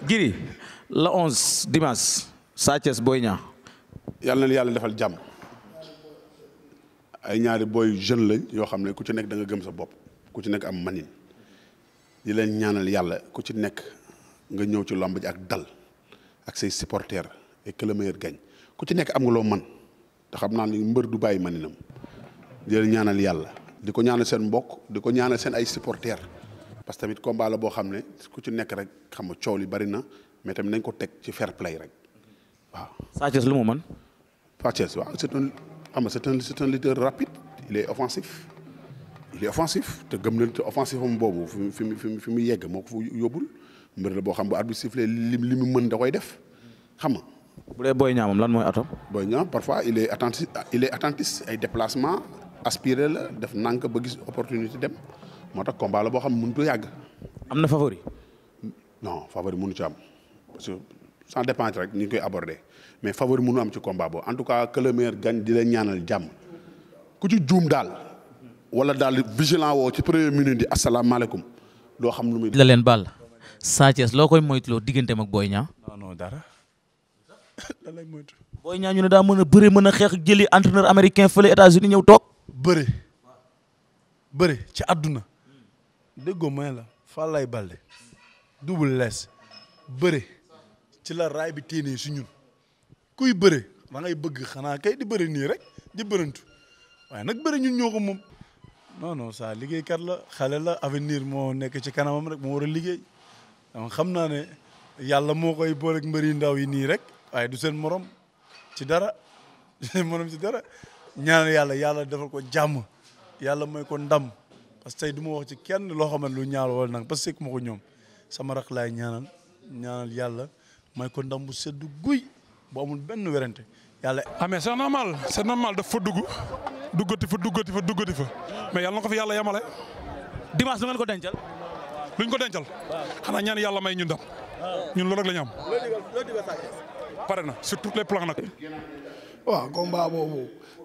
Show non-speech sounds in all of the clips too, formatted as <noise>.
Giri la 11 dimanche Sa booy ñaa Niang. yàlla na yàlla defal jàmm ay ñaari booy jeune lañ yoo xam ne ku ci nekk da nga gëm sa bopp ku ci nekk am manin di leen ñaanal yàlla ku ci nekk nga ñëw ci làmb ak dal ak say supporters et que le ku ci nekk am nga loo man te xam naa ni mbër du bàyyi maninam di leen ñaanal yàlla di ko ñaanal seen mbokk di ko ñaanal seen ay supporters. parce que tamit combat la boo xam ne ku ci nekk rek xam nga coow li bari na mais tamit nañ ko teg ci fair play rek waaw. Sa Thiès lu mu mën. Sa Thiès waaw c'est un xam nga c'est un c'est un leader rapide il est offensif il est offensif te gëm na te offensif am boobu fi mu fi mu fi mu yegg moo ko fa yóbbul boo xam bu arbitre sifflé li li mu mën da koy def xam nga. bu dee Boy Niang moom lan mooy atom. Boy Niang parfois il est attentiste il est attentiste ay déplacement aspiré la def nànk ba gis opportunité dem. moo tax combat la boo xam ne mënut a yàgg. am na favori. non favori munu ci am parce que sans dépendre rek ni ñu koy aborder mais favori mënu am ci combat boobu en tout cas que le meilleur gagne di la ñaanal jàmm ku ci juum daal wala daal vigilant woo ci premier minute di asalaamaaleykum doo xam lu muy. la leen baal Sa loo koy moytuloo diggante ak booy Niang. non non dara. <laughs> lan lay moytu. Boy Niang ñu ne daa mën a bëre mën a xeex jëli entraîneur américain fële États-Unis ñëw toog. bëre bëre ci àdduna déggoo may la Falaye Balde Double Less bëre ci la raay bi téenee si ñun kuy bëre da ngay bëgg xanaa kay di bëre nii rek di bërantu waaye nag bëre ñun ñoo ko moom non non ça la xale la avenir moo nekk ci kanamam rek moo war a liggéey donc xam naa ne yàlla moo koy mbër mbëri ndaw yi nii rek waaye du seen morom ci dara <laughs> morom ci dara ñaan yàlla yàlla defal ko jàmm yàlla mooy ko ndam parce que tey du ma wax ci kenn loo xam ne lu ñaaw wala nag parce que sekk ma ko ñoom sama rak laay ñaanal ñaanal yàlla may kon ndam bu seddu guy bu amul benn werante amee ah mais c'est normal c'est normal daf fa dugg duggati fa duggati fa fa mais yàlla na ko fi yàlla yemale. dimanche lu ngeen ko dencal. luñ ko dencal. xanaa ñaan yàlla may ñu ndam. ñun loolu rek la ñu am. na sur tous les plans nag.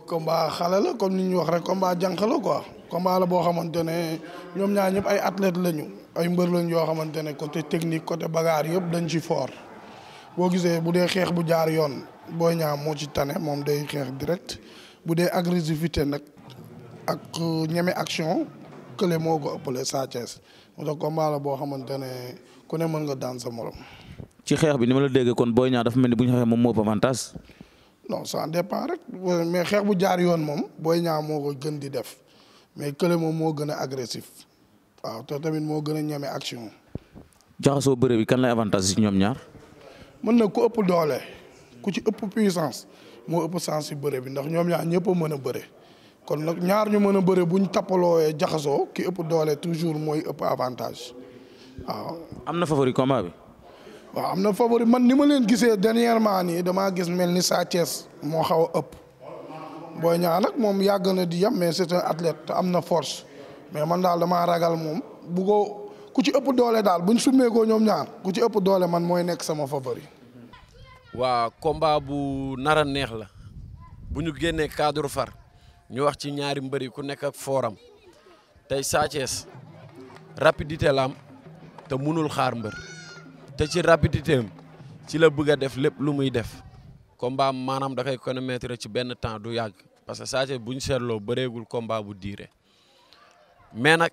comme xale la comme ni ñu wax rek combat jànq la quoi combat la boo xamante ne ñoom ñaar ñëpp ay athlète lañu ay mbër lañ yoo xamante ne côté technique côté bagarre yëpp dañ ci fort boo gisee bu dee xeex bu jaar yoon Boy ñaa moo ci tane moom day xeex direct bu dee agressivité nag ak euh, ñeme action kële moo ko ëppale Sa Thiès moo tax combat la boo xamante ne ku ne mën nga daan sa morom. ci xeex bi ni ma la déggee kon Boy Niang dafa mel ni bu ñu moom moo ëpp avantage. non ça dépend rek mais xeex bu jaar yoon moom booy ñaa moo ko gën di def mais kële moom moo gën a agressif waaw te tamit moo gën a ñeme action. jaxasoo bëre bi kan lay avantage si ñoom ñaar. mën na ku ëpp doole ku ci ëpp puissance moo ëpp sens si bëre bi ndax ñoom ñaar ñëpp a mën a bëre kon nag ñaar ñu mën a bëre buñ tappalooyee jaxasoo ki ëpp doole toujours mooy ëpp avantage waaw. am na favori combat bi. waaw am na favori man ni ma leen gisee dernièrement nii damaa gis mel ni Sa moo xaw a ëpp Boy Niang nag moom yàgg na di yem mais c'est un te am na force mais man daal damaa ragal moom bu ku ci ëpp doole daal buñ summeekoo ñoom ñaar ku ci ëpp doole man mooy nekk sama favori. waa combat bu nara neex la bu ñu génnee cadre far ñu wax ci ñaari mbëri ku nekk ak fooram tey Sa Thiès rapidité la te munul xaar mbër. te ci rapidité am ci la bëgg a def lépp lu muy def combat maanaam da koy connaître ci benn temps du yàgg parce que Sa Thiès bu ñu seetloo bëreegul combat bu diire mais nag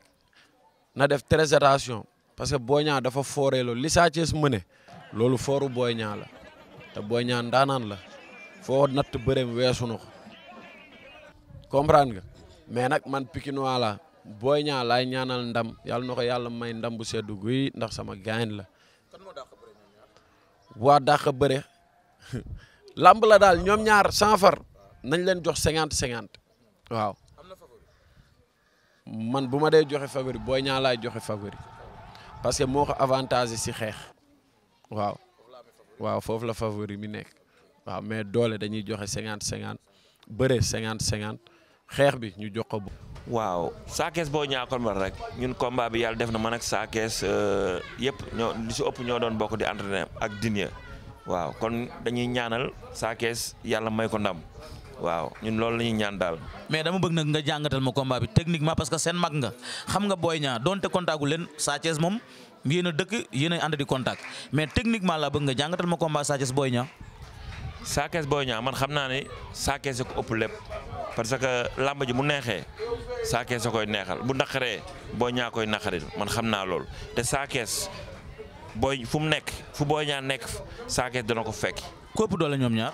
na def très attention parce que boo Niang dafa fooree loolu li Sa Thiès mëne loolu fooru Boy ñaa la te boo Niang ndaanaan la foo natt bëreem weesu na comprend comprendre nga mais nag man Pikinois la Boy Niang laay ñaanal ndam yàlla na ko yàlla may ndam bu seddu guy ndax sama gaañ la waa dàq bëre làmb la daal ñoom ñaar sans nañ leen jox cinquante cinquante waaw man bu ma dee joxe favori booy ñaa laay joxe favori parce que moo ko avantage si xeex waaw waaw foofu la favori mi nekk waaw mais doole dañuy joxe cinquante cinquante bëre cinquante cinquante xeex bi ñu jox ko. waaw saakees boo ñaa kon war rek ñun combat bi yàlla def na man ak saakees euh, yëpp ñoo li si ëpp ñoo doon bokk di entraîné ak dinia waaw kon dañuy ñaanal saakees yàlla may ko ndam waaw ñun loolu la ñaan daal. mais dama bëgg nag nga jàngatal ma combat bi techniquement parce que seen mag nga xam nga booy ñaa donte contactu leen saakees moom yéen a dëkk yéen a ànd di contact mais techniquement la bëgg nga jàngatal ma combat saakees booy ñaa. saakees booy ñaa man xam naa ne saakees ko ëpp lépp. parce que làmb ji mu neexee saa kees a koy neexal bu naqaree booy ñaa koy naqaril man xam naa lool te saakees kees booy fu mu nekk fu booy ñaa nekk saa kees dana ko fekk. ku ëpp doole ñoom ñaar.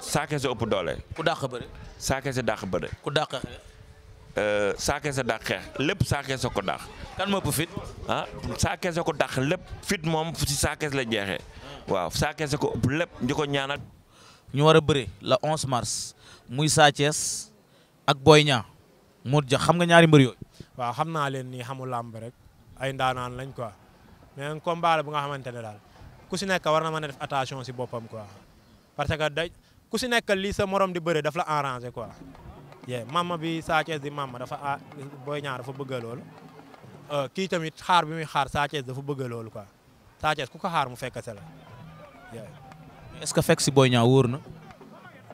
saa kees doole. ku dàq bëre. saa kees a dàq ku dàq xeex. saa kees lépp saa ko dàq. kan moo ëpp fit. ah ko dàq lépp fit moom si saa kees la jeexee. waaw saa ko ëpp lépp ñu ko ñu war a bëre le 11 mars muy Sa ak Boy ñaar Modou Dia xam nga ñaari mbër yooyu. waaw xam naa leen nii xamul làmb rek ay ndaanaan lañ quoi mais combat la bu nga xamante ne daal ku si nekk war na mën a def attention si boppam quoi parce que day ku si nekk lii sa morom di bëre daf la arrangé quoi. yee mama bi Sa Thiès di mama dafa a ah, Boy ñaar dafa bëgg loolu euh, kii tamit xaar bi muy xaar Sa dafa bëgg loolu quoi Sa ku ko xaar mu fekk se la est ce que fekk si Boy Niang wóor na.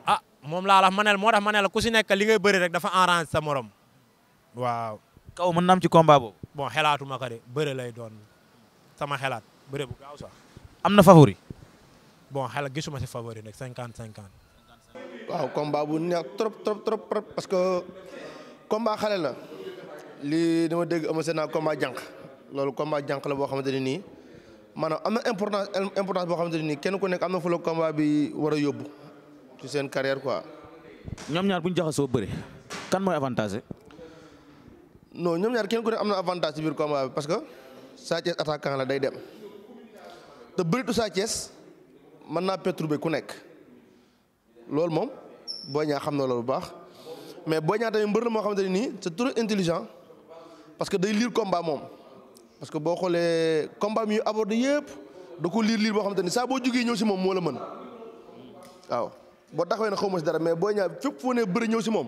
ah moom laa la ma moo tax ma la ku si nekk li ngay bëri rek dafa arange sa morom. waaw. kaw mën na ci combat boobu. bon xelaatu ma ko de bëre lay doon sama xelaat bëre bu gaaw sax. am na favori. bon xel gisuma si favori nag cinquante cinquante. waaw combat bu neex trop trop parce que combat xale la li dama dégg ama seen naa combat jànq loolu combat jànq la boo xamante ne nii. maanaam am na importance importance boo xamante ne nii kenn ku nekk am na fu la bi war a yóbbu ci seen carrière quoi. ñoom ñaar bu ñu jaxasoo bëri kan mooy avantage. non ñoom ñaar kenn ku nekk am na avantage ci biir combat bi parce que Sa Thiès attaquant la day dem te bëritu Sa Thiès mën naa perturber ku nekk loolu moom Boy Niang xam na loolu bu baax mais Boy Niang tamit mbër la moo xam ne nii c'est trop intelligent parce que day liir combat moom. parce que boo xoolee combat mi ñu abordé yëpp da ko liir liir boo xamante ni saa boo jugee ñëw si moom moo la mën waaw boo taxawee ne xaw ma si dara mais booy moom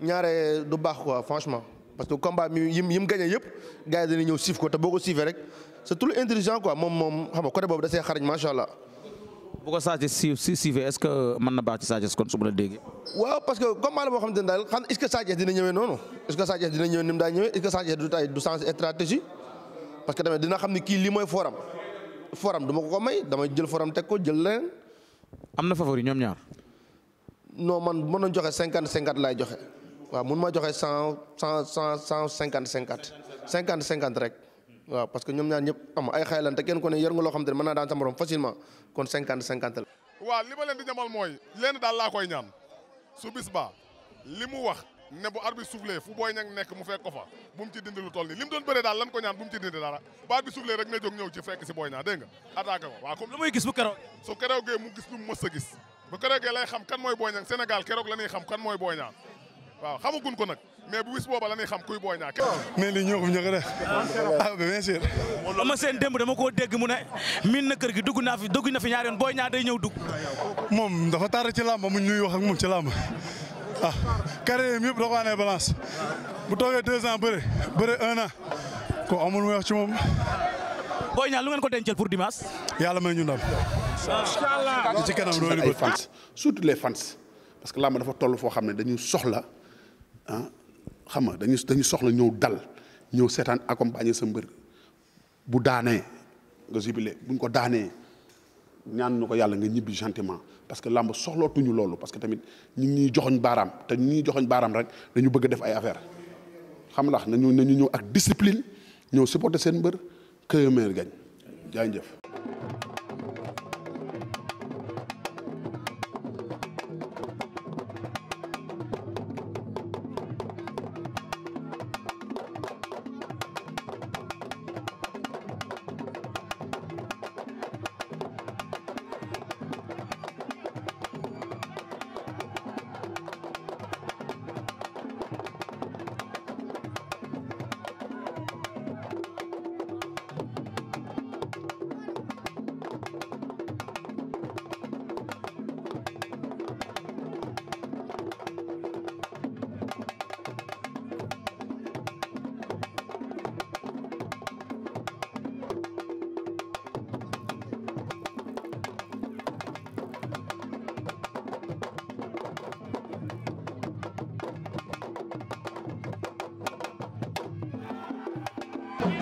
ñaare du baax quoi franchement parce que combat mi yim yi dañuy ñëw siif ko te boo ko siifee rek c'est tout intelligent quoi moom moom xam nga côté boobu da see xarañ macha allah. bu ko Sa siifee est-ce que mën na baax ci Sa dina ñëwee noonu est que Sa du tay du sens stratégie parce que tamit dina xam ne kii lii mooy foram fooram du ma ko ko may damay jël foram teg ko jël leneen. am na favori ñoom ñaar. non man mën nañ joxe cinquante cinquante laay joxe waaw mun ma joxe cent cent cent cent cinquante cinquante. cinquante cinquante rek. waa parce que ñoom ñaar ñëpp am ay xaylan te kenn ku ne yor nga loo xam te ne mën naa daan sa morom facilement kon cinquante cinquante la. waaw li ma leen di ñamal mooy lenn daal laa koy ñaan su bis ba li mu wax. ne bu arbitre fu booy ñang nekk mu fekk ko fa bu mu ci dindi lu toll nii li mu doon bëree daal lan ko ñaan bu mu ci dindi dara bu arbitre rek na jóg ñëw ci fekk si booy ñaa dégg nga attaqué ko lu muy gis bu keroog su keroogee mu gis lu mu mës a gis bu keroogee lay xam kan mooy booy ñang Sénégal keroog la ñuy xam kan mooy booy ñaa waaw xamagun ko nag mais bu wis booba la ñuy xam kuy booy ñaa mais lii ñoo ko ñoo ko def ah bien sûr ama seen démb dama koo dégg mu ne min na kër gi dugg naa fi dugg na fi ñaari yoon booy ñaa ñëw dugg moom dafa tar ci làmb mu ñuy wax ak moom ci làmb ah carrière yi yëpp da ko année balance bu toogee deux ans bëre bëre un an ko amul mu wax ci moom. Boy Niang lu ngeen ko dencal pour dimanche. yàlla may ñu ndam. incha allah ci ay fans surtout les fans parce que làmb dafa toll foo xam ne dañuy soxla ah xam nga dañuy dañuy soxla ñëw dal ñëw seetaan accompagner sa mbër bu daanee nga jubilé buñ ko daanee. ñaan na ko yàlla nga ñibbi gentiment parce que làmb soxlootuñu loolu parce que tamit ñu ngi ñuy joxoñ baaraam te ñu ñuy joxoñ baaraam rek dañu bëgg def ay affaire xam ndax nañu ñu ñëw ak discipline ñëw supporter seen mbër que le meilleur gagne jaay jëf